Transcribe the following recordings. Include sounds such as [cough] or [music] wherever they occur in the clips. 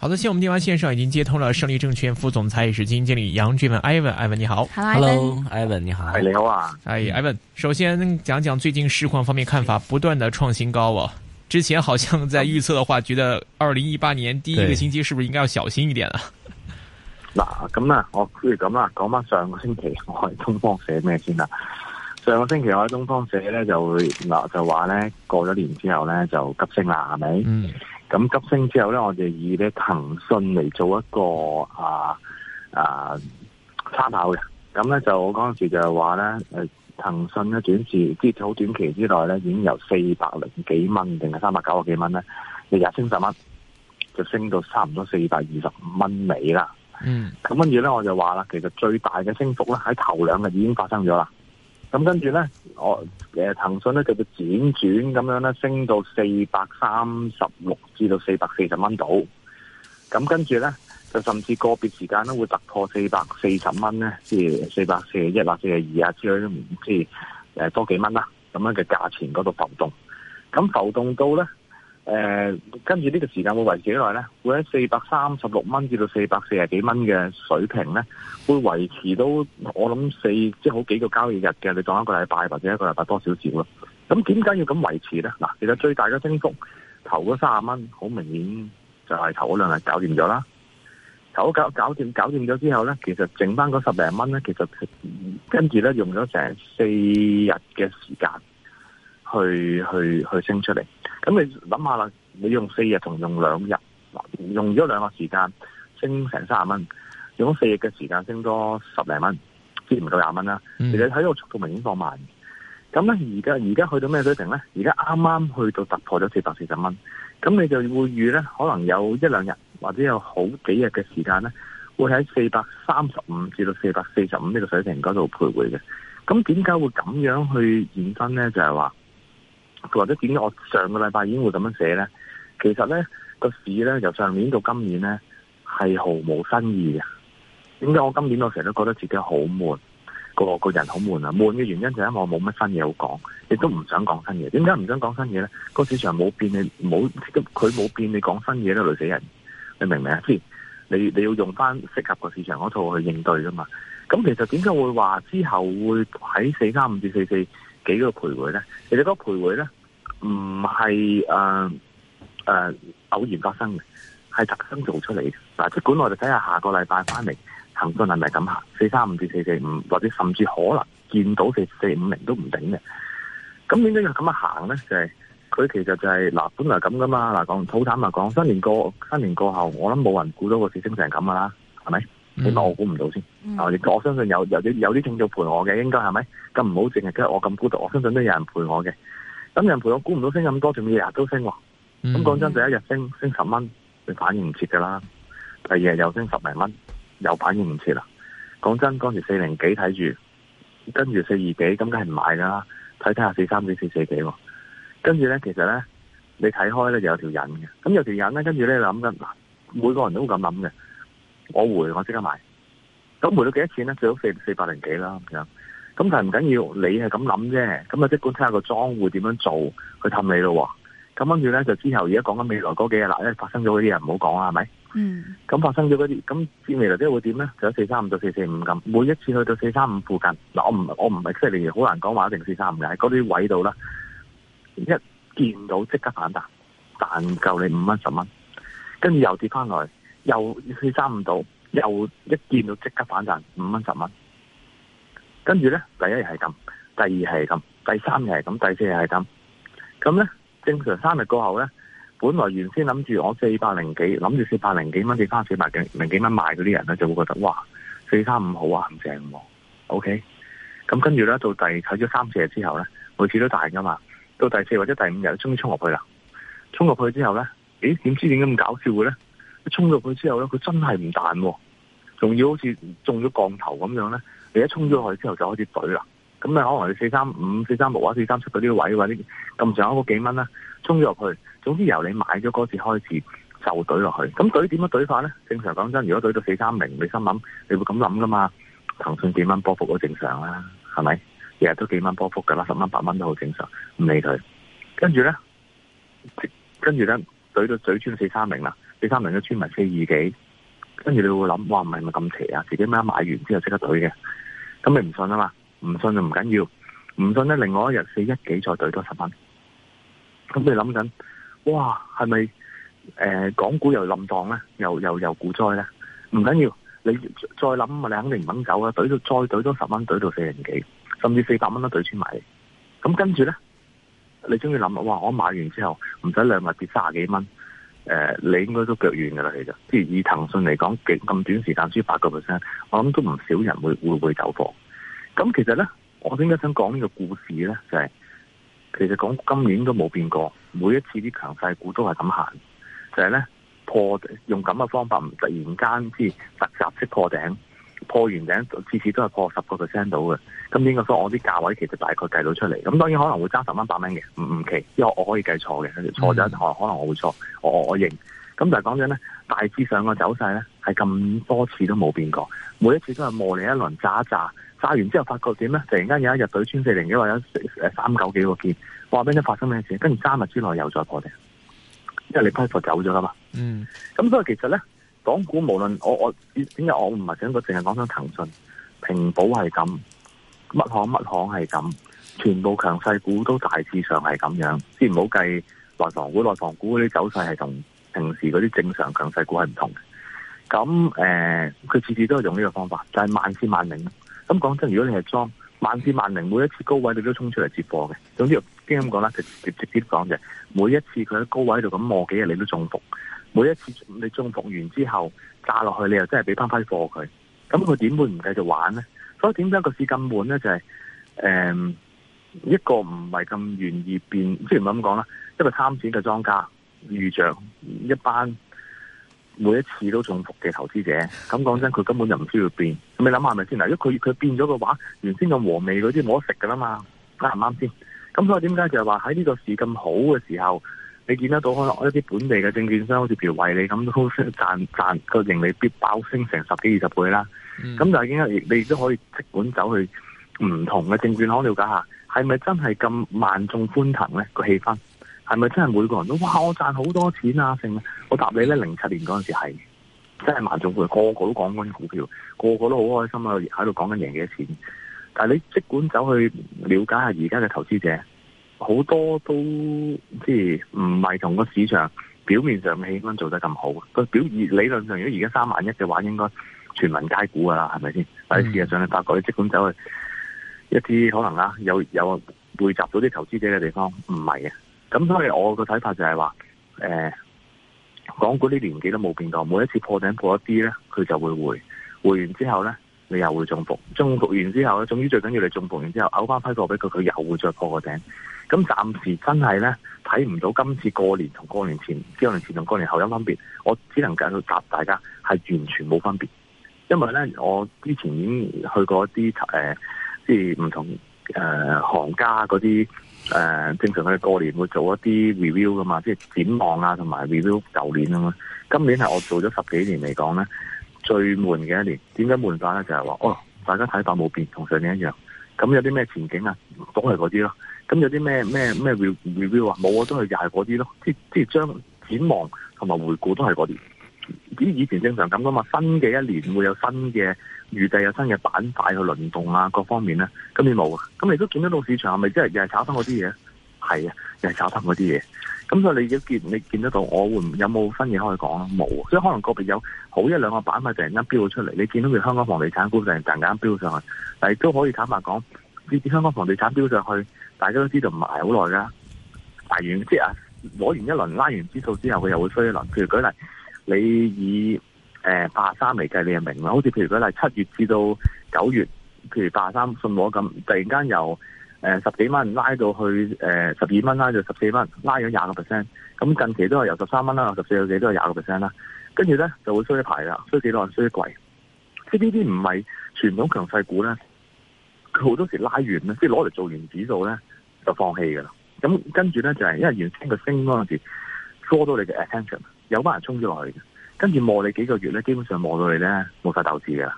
好的，現我們電話線上已經接通了勝利證券副總裁也是基金經理楊俊文，Evan，Evan 你好，Hello，Evan 你好，Hello, Ivan. Hi, Ivan, 你好啊，哎，Evan 首先講講最近市況方面看法，不斷的創新高啊，之前好像在預測的話，覺得二零一八年第一個星期是不是應該要小心一點啊？嗱、嗯，咁 [laughs] 啊，我不如咁啦，講翻上個星期我喺東方寫咩先啦？上個星期我喺東方寫咧，就嗱就話咧，過咗年之後咧就急升啦，係咪？嗯咁急升之後咧，我就以咧騰訊嚟做一個啊啊參考嘅。咁咧就我嗰時就話咧，誒騰訊咧短時即係好短期之內咧，已經由四百零幾蚊定係三百九十幾蚊咧，日日升十蚊，就升到差唔多四百二十五蚊尾啦。嗯，咁跟住咧，我就話啦，其實最大嘅升幅咧喺頭兩日已經發生咗啦。咁跟住呢，我、哦、誒騰訊呢叫做輾轉咁樣呢升到四百三十六至到四百四十蚊度。咁跟住呢，就甚至個別時間呢會突破四百四十蚊呢，即係四百四十一啊四十二啊之類都唔知誒多幾蚊啦。咁樣嘅價錢嗰度浮動，咁浮動到呢。誒、呃，跟住呢個時間會維持幾耐咧？會喺四百三十六蚊至到四百四十幾蚊嘅水平咧，會維持到我諗四即係好幾個交易日嘅，你講一個禮拜或者一個禮拜多少少，咯。咁點解要咁維持咧？嗱，其實最大嘅升幅，頭嗰三十蚊，好明顯就係頭嗰兩日搞掂咗啦。搞搞搞掂，搞掂咗之後咧，其實剩翻嗰十零蚊咧，其實跟住咧用咗成四日嘅時間去去去，去升出嚟。咁你諗下啦，你用四日同用兩日，用咗兩個時間升成三十蚊，用咗四日嘅時間升多十零蚊，前唔到廿蚊啦。其實睇到速度明顯放慢。咁咧，而家而家去到咩水平咧？而家啱啱去到突破咗四百四十蚊。咁你就會預咧，可能有一兩日或者有好幾日嘅時間咧，會喺四百三十五至到四百四十五呢個水平嗰度徘徊嘅。咁點解會咁樣去現身咧？就係、是、話。或者點解我上個禮拜已經會咁樣寫咧？其實咧、個市咧由上年到今年咧係毫無新意嘅。點解我今年我成日都覺得自己好悶，個個人好悶啊！悶嘅原因就係因為我冇乜新嘢好講，亦都唔想講新嘢。點解唔想講新嘢咧？個市場冇變你，你冇佢冇變，你講新嘢都累死人。你明唔明啊？先，你你要用翻適合個市場嗰套去應對噶嘛？咁其實點解會話之後會喺四三五至四四幾個徘徊咧？其實嗰個徘徊咧，唔係誒誒偶然發生嘅，係特登做出嚟嘅。嗱、啊，即管我哋睇下下個禮拜翻嚟行向係咪咁行？四三五至四四五，或者甚至可能見到四四五零都唔頂嘅。咁點解要咁樣行咧？就係、是、佢其實就係、是、嗱、啊，本來咁噶嘛。嗱、啊，講坦白嚟講，新年過新年過後，我諗冇人估到個市升成咁啦，係咪？起碼我估唔到先、嗯嗯，我相信有有啲有啲正做陪我嘅，應該係咪？咁唔好淨係今日我咁孤獨，我相信都有人陪我嘅。咁有人陪我估唔到升咁多，仲要日日都升喎。咁講、嗯、真，第一日升升十蚊，你反應唔切噶啦。第二日又升十零蚊，又反應唔切啦。講真，嗰時四零幾睇住，跟住四二幾，咁梗係唔買㗎啦。睇睇下四三幾、四四幾。跟住咧，其實咧，你睇開咧就有條癮嘅。咁有條癮咧，跟住咧，你諗緊嗱，每個人都會咁諗嘅。我回我即刻買，咁回到幾多錢咧？最好四四百零幾啦咁樣。咁但係唔緊要，你係咁諗啫。咁啊，即管睇下個莊會點樣做，去氹你咯。咁跟住咧，就之後而家講緊未來嗰幾日啦。因為發生咗嗰啲啊，唔好講啊，係咪？嗯。咁發生咗嗰啲，咁未來啲會點咧？就四三五到四四五咁。每一次去到四三五附近，嗱，我唔我唔係你好好難講話，一定四三五嘅喺嗰啲位度啦。一見到即刻反彈，彈夠你五蚊十蚊，跟住又跌翻來。又四三五到，又一見到即刻反彈五蚊十蚊，跟住咧，第一日係咁，第二係咁，第三日係咁，第四日係咁。咁咧，正常三日過後咧，本來原先諗住我四百零幾諗住四百零幾蚊至三四百幾零幾蚊賣嗰啲人咧，就會覺得哇，四三五好啊，咁正喎。OK，咁跟住咧，到第睇咗三四日之後咧，每次都大噶嘛。到第四或者第五日，終於沖落去啦，沖落去之後咧，咦？點知點解咁搞笑嘅咧？衝咗佢之後咧，佢真係唔彈，仲要好似中咗降頭咁樣咧。你一衝咗落去之後就開始懟啦。咁、嗯、你可能你四三五、四三六或者四三七嗰啲位位啲咁上下嗰幾蚊啦，衝咗入去。總之由你買咗嗰次開始就懟落去。咁懟點樣懟法咧？正常講真，如果懟到四三零，你心諗你會咁諗噶嘛？騰訊幾蚊波幅都正常啦，係咪？日日都幾蚊波幅噶啦，十蚊八蚊都好正常，唔理佢。跟住咧，跟住咧懟到懟穿四三零啦。四三零都穿埋四二幾，跟住你會諗，哇，唔係咪咁邪啊？自己咩買完之後即刻懟嘅，咁你唔信啊嘛？唔信就唔緊要，唔信咧，另外一日四一幾再懟多十蚊，咁你諗緊，哇，係咪誒港股又冧檔咧，又又又股災咧？唔緊要，你再諗，你肯定唔肯走啊！懟到再懟多十蚊，懟到四零幾，甚至四百蚊都懟穿埋，咁跟住咧，你終於諗，哇！我買完之後唔使兩日跌卅幾蚊。誒、呃，你應該都腳軟噶啦，其實，即係以騰訊嚟講，極咁短時間輸八個 percent，我諗都唔少人會會會走貨。咁其實咧，我點解想講呢個故事咧？就係、是、其實講今年都冇變過，每一次啲強勢股都係咁行，就係、是、咧破用咁嘅方法，唔突然間之突襲式破頂。破完頂，次次都係破十個 percent 到嘅，咁應該講我啲價位其實大概計到出嚟，咁當然可能會爭十蚊八蚊嘅，唔唔奇，因為我可以計錯嘅，錯咗可能我會錯，我，我，我認。咁但係講緊咧，大致上個走勢咧係咁多次都冇變過，每一次都係磨你一輪揸一揸，揸完之後發覺點咧？突然間有一日對穿四零幾或者三九幾個件話畀你發生咩事？跟住三日之內又再破頂，因為你批貨走咗啦嘛。嗯，咁所以其實咧。港股無論我我點解我唔係整個淨係講緊騰訊、平保係咁，乜行乜行係咁，全部強勢股都大致上係咁樣。先唔好計內房股、內房股嗰啲走勢係同平時嗰啲正常強勢股係唔同嘅。咁誒，佢、呃、次次都係用呢個方法，就係、是、萬試萬靈。咁講真，如果你係裝萬試萬靈，每一次高位你都衝出嚟接貨嘅。總之、這個，經咁講啦，就直接講嘅。每一次佢喺高位度咁望幾日，你都中伏。每一次你中伏完之後揸落去，你又真係俾翻批貨佢，咁佢點會唔繼續玩呢？所以點解個市咁悶呢？就係、是、誒、嗯，一個唔係咁願意變，即係唔係咁講啦，一個貪錢嘅莊家遇着一班每一次都中伏嘅投資者，咁講真，佢根本就唔需要變。你諗下係咪先？嗱，如果佢佢變咗嘅話，原先嘅和味嗰啲冇得食噶啦嘛，啱唔啱先？咁所以點解就係話喺呢個市咁好嘅時候，你見得到可能一啲本地嘅證券商，好似譬如維利咁都賺賺個盈利必爆升成十幾二十倍啦。咁但係點解？你亦都可以即管走去唔同嘅證券行了解一下，係咪真係咁萬眾歡騰咧？個氣氛係咪真係每個人都哇我賺好多錢啊？成我答你咧，零七年嗰陣時係真係萬眾歡，個個都講緊股票，個個都好開心啊，喺度講緊贏幾多錢。但係你即管走去了解一下而家嘅投資者。好多都即係唔係同個市場表面上嘅氣氛做得咁好，佢表理理論上如果而家三萬一嘅話，應該全民皆股噶啦，係咪先？但、嗯、係事實上你發覺，你即管走去一啲可能啊有有匯集到啲投資者嘅地方，唔係嘅。咁所以我個睇法就係話，誒、呃，港股啲年紀都冇變過，每一次破頂破一啲咧，佢就會回，回完之後咧。你又會中伏，中伏完之後咧，總之最緊要你中伏完之後，嘔翻批貨俾佢，佢又會再過個頂。咁暫時真係咧睇唔到今次過年同過年前、過年前同過年後有分別。我只能夠答大家係完全冇分別，因為咧我之前已經去過一啲誒、呃，即係唔同誒、呃、行家嗰啲誒，正常佢哋過年會做一啲 review 噶嘛，即係展望啊同埋 review 舊年啊嘛。今年係我做咗十幾年嚟講咧。最悶嘅一年，點解悶法咧？就係話哦，大家睇法冇變，同上年一樣。咁有啲咩前景啊？都係嗰啲咯。咁有啲咩咩咩 review 啊？冇啊，都係又係嗰啲咯。即即係將展望同埋回顧都係嗰啲。咦以前正常咁噶嘛，新嘅一年會有新嘅餘地，預計有新嘅板塊去輪動啊，各方面咧、啊。今、啊、你冇，咁你都見得到市場係咪即係又係炒翻嗰啲嘢？係啊，又係炒翻嗰啲嘢。咁、嗯、所以你要見你見得到，我會有冇新嘢可以講咯？冇，所以可能個別有好一兩個板塊突然間飆咗出嚟，你見到佢香港房地產股突然間飆上去，但係都可以坦白講，呢啲香港房地產飆上去，大家都知道唔係好耐㗎，排完即係攞完一輪拉完指數之後，佢又會衰一輪。譬如舉例，你以誒八十三為計，你係明啦。好似譬如舉例，七月至到九月，譬如八十三信我咁，突然間又。誒、呃，十幾蚊拉到去誒、呃，十二蚊拉到十四蚊，拉咗廿個 percent。咁近期都係由十三蚊啦，十四個幾都係廿個 percent 啦。跟住咧就會衰一排啦，衰幾耐衰一季。即係呢啲唔係傳統強勢股咧，佢好多時拉完咧，即係攞嚟做完指數咧，就放棄噶啦。咁跟住咧就係、是、因為原先佢升嗰陣時 draw 到你嘅 attention，有班人衝咗落去嘅。跟住磨你幾個月咧，基本上磨到你咧冇晒鬥志噶啦。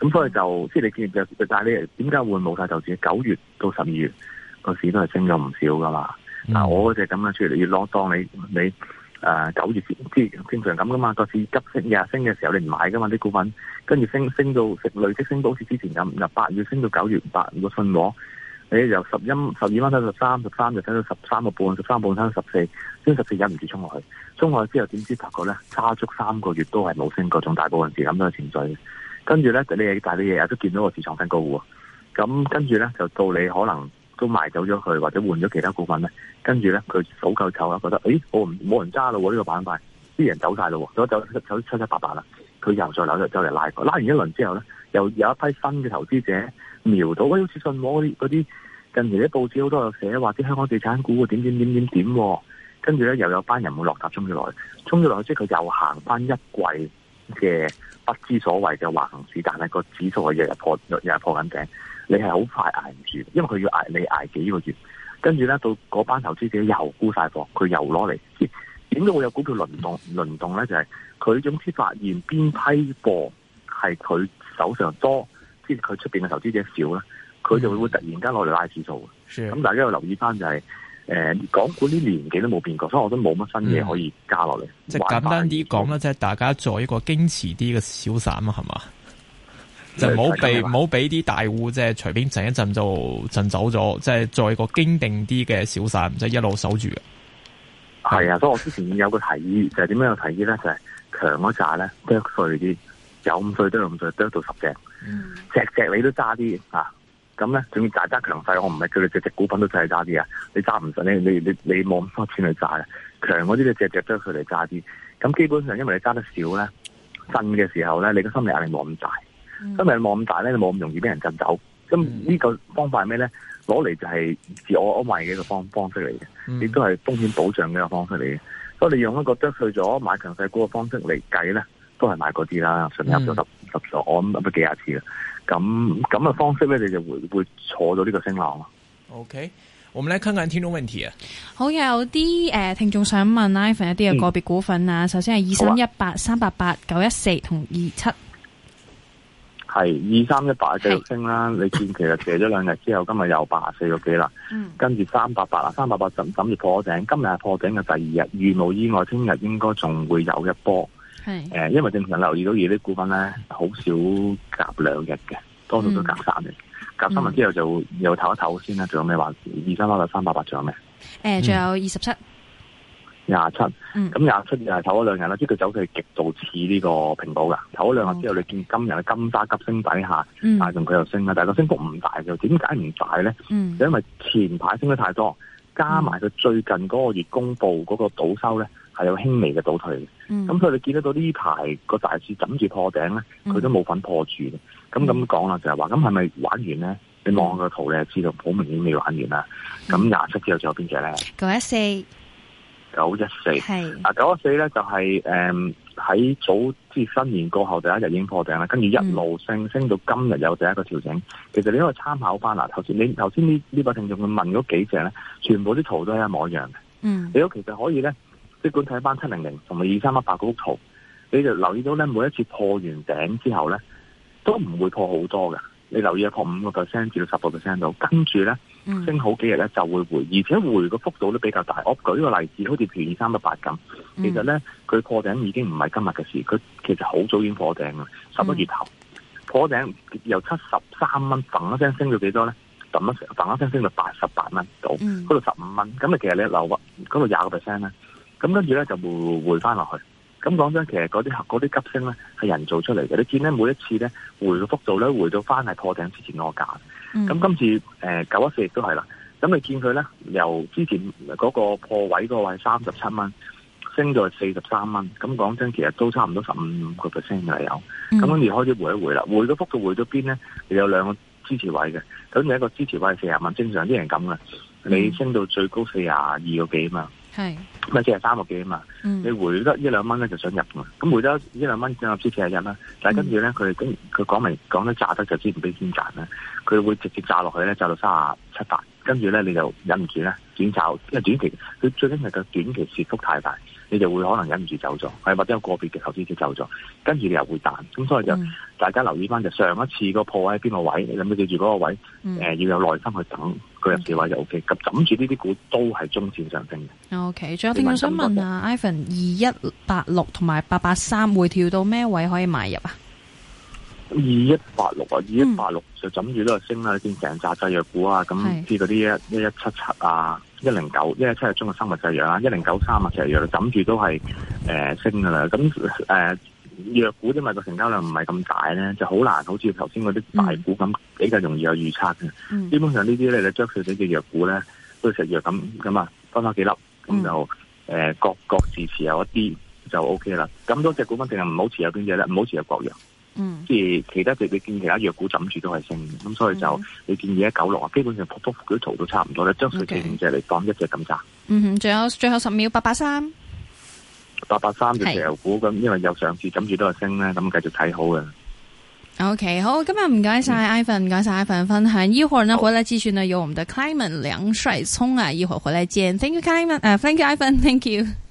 咁、嗯、所以就即係你見就，但係你點解會冇晒頭緒？九月到十二月個市都係升咗唔少噶嘛。嗱、嗯啊，我就咁樣出嚟，越攞，當你你誒九、呃、月前即係正常咁噶嘛。個市急升日升嘅時候你，你唔買噶嘛啲股份，跟住升升到食累積升到好似之前咁。嗱，八月升到九月八五個信和，你由十一十二蚊升到十三，十三就升到十三個半，十三半升到十四，升十四忍唔住衝落去，衝落去之後點知發覺咧，差足三個月都係冇升過，仲大部分時咁樣嘅潛水。跟住咧，你哋但係你日日都見到個市場新高喎。咁、嗯、跟住咧，就到你可能都賣走咗佢，或者換咗其他股份咧。跟住咧，佢好夠炒啊，覺得，誒，我唔冇人揸咯喎，呢、這個板塊啲人走晒咯喎，走走走七七八八啦。佢又再扭就走嚟拉過，拉完一輪之後咧，又有一批新嘅投資者瞄到，喂、哎，好似信我嗰啲近期啲報紙好多又寫話啲香港地產股點點點點點點。跟住咧，又有班人會落踏衝咗落去，衝咗落去即係佢又行翻一季。嘅不知所謂嘅橫行市，但係個指數係日日破，日日破緊頂，你係好快挨唔住，因為佢要挨你挨幾個月，跟住咧到嗰班投資者又沽晒貨，佢又攞嚟。點解會有股票輪動？輪動咧就係、是、佢總之發現邊批貨係佢手上多，即係佢出邊嘅投資者少咧，佢就會會突然間攞嚟拉指數，咁大家要留意翻就係、是。誒、呃，港股啲年紀都冇變過，所以我都冇乜新嘢可以加落嚟，嗯。即係簡單啲講啦，即係大家做一個矜持啲嘅小散啊，係嘛？就唔好俾唔好俾啲大戶即係隨便震一震就震走咗，即係做一個堅定啲嘅小散，即係一路守住嘅。係啊，所以我之前有個提議就係、是、點樣個提議咧，就係、是、強一揸呢，咧，一歲啲，有五歲得到五碎一到十隻，隻、嗯、隻你都揸啲啊！咁咧，仲要揸揸強勢，我唔係叫你隻隻股份都淨揸啲啊！你揸唔上，你你你你冇咁多錢去揸啊！強嗰啲你隻隻都佢嚟揸啲。咁基本上因為你揸得少咧，震嘅時候咧，你嘅心理壓力冇咁大，因為你冇咁大咧，你冇咁容易俾人震走。咁呢個方法係咩咧？攞嚟就係自我安慰嘅一個方方式嚟嘅，亦都係風險保障嘅一個方式嚟嘅。所以你用一個質去咗買強勢股嘅方式嚟計咧，都係買嗰啲啦，順入就得。嗯十座，我咁唔知幾廿次啦。咁咁嘅方式咧，你就會會坐到呢個升浪咯。OK，我們來看看聽眾問題啊。好有啲誒、呃，聽眾想問，Even 一啲嘅個別股份啊。嗯、首先係二三一八、三八八、九一四同二七。係二三一八繼續升啦。你見其實跌咗兩日之後，今日又八十四個幾啦。跟住三八八啊，三八八就等住破咗頂。今日係破頂嘅第二日，如無意外，聽日應該仲會有一波。係誒，因為正常留意到而啲股份咧，好少夾兩日嘅，多數都夾三日。夾、嗯、三日之後就又唞一唞先啦。仲、嗯、有咩話？二三八到三八八仲有咩？誒、嗯，仲有二十七、廿七。咁廿七又唞咗兩日啦。即佢走勢極度似呢個平保噶。唞咗兩日之後，嗯、你見今日嘅金沙急升底下，嗯、但係同佢又升啦。但係個升幅唔大，就點解唔大咧、嗯？就因為前排升得太多，加埋佢最近嗰個月公布嗰個倒收咧。有輕微嘅倒退嘅，咁佢哋你見得到呢排個大市枕住破頂咧，佢、嗯、都冇份破住嘅。咁咁講啦，就係話，咁係咪玩完咧、嗯？你望個圖咧，知道好明顯未玩完啦。咁廿七之後仲有邊隻咧？九一四，九一四係。啊，九一四咧就係誒喺早即新年過後第一日已經破頂啦，跟住一路升、嗯、升到今日有第一個調整。其實你可以參考翻嗱，頭先你頭先呢呢位聽眾佢問咗幾隻咧，全部啲圖都係一模一樣嘅。嗯，你都其實可以咧。即管睇翻七零零同埋二三一八嗰幅圖，你就留意到咧，每一次破完頂之後咧，都唔會破好多嘅。你留意下破五個 percent 至到十個 percent 度，跟住咧升好幾日咧就會回，而且回個幅度都比較大。我舉個例子，好似譬如二三一八咁，其實咧佢破頂已經唔係今日嘅事，佢其實好早已經破頂喇。十一月頭、嗯、破頂由七十三蚊，嘭一聲升到幾多咧？咁啊嘭一聲升到八十八蚊度，嗰度十五蚊，咁啊其實你留啊，嗰度廿個 percent 咧。咁跟住咧就回回翻落去。咁講真，其實嗰啲嗰啲急升咧係人做出嚟嘅。你見咧每一次咧回嘅幅度咧，回到翻係破頂之前個價。咁、嗯、今次誒九一四亦都係啦。咁你見佢咧由之前嗰個破位個位三十七蚊升到四十三蚊。咁講真，其實都差唔多十五個 percent 嘅有。咁跟住開始回一回啦，回到幅度回到邊咧？有兩個支持位嘅。咁你一個支持位四廿蚊，正常啲人咁嘅，你升到最高四廿二個幾嘛？係，咪只係三百幾啊嘛？你回得一兩蚊咧，就想入嘛？咁回得一兩蚊，想入先四廿一啦。但係跟住咧，佢跟佢講明講得炸得就先唔俾先賺啦。佢會直接炸落去咧，炸到卅七八，跟住咧你就忍唔住咧，短炒因為短期佢最緊係個短期跌幅太大。你就會可能忍唔住走咗，係或者有個別嘅投資者走咗，跟住你又會彈，咁所以就、嗯、大家留意翻就上一次個破位喺邊個位，你諗住記住嗰個位，誒、嗯呃、要有耐心去等佢入嘅位就 O、OK, K、嗯。咁枕住呢啲股都係中線上升嘅。O K，仲有啲嘢想問啊，Ivan 二一八六同埋八八三會跳到咩位可以買入2186啊？二一八六啊，二、嗯、一八六就枕住都係升啦，啲成扎製藥股啊，咁知道啲一一一七七啊。一零九，一一七七中國生物製藥啦，一零九三啊，製藥啦，咁住都係誒升噶啦，咁誒藥股因為個成交量唔係咁大咧，就好難，好似頭先嗰啲大股咁，嗯、比較容易有預測嘅。嗯、基本上這些呢啲咧，你 j 佢 s t 睇藥股咧，都食藥咁，咁啊分翻幾粒，咁就誒各各自持有一啲就 OK 啦。咁多隻股份，淨係唔好持有邊隻咧，唔好持有國藥。嗯，即係其他，你你見其他藥股枕住都係升的，咁、嗯、所以就你建議喺九六啊，基本上鋪鋪佢啲圖都差唔多咧。張水停兩隻嚟講，一隻咁渣。嗯，仲有最後十秒，八八三。八八三隻石油股咁，因為有上次枕住都係升咧，咁繼續睇好嘅。O、okay, K，好，今日唔該晒 Ivan，唔該晒 Ivan 分享。一會呢好，回來之續呢，有我們的 Climan 梁帥聰啊，一會回來見。Thank you，Climan，Thank you，Ivan，Thank you。Uh,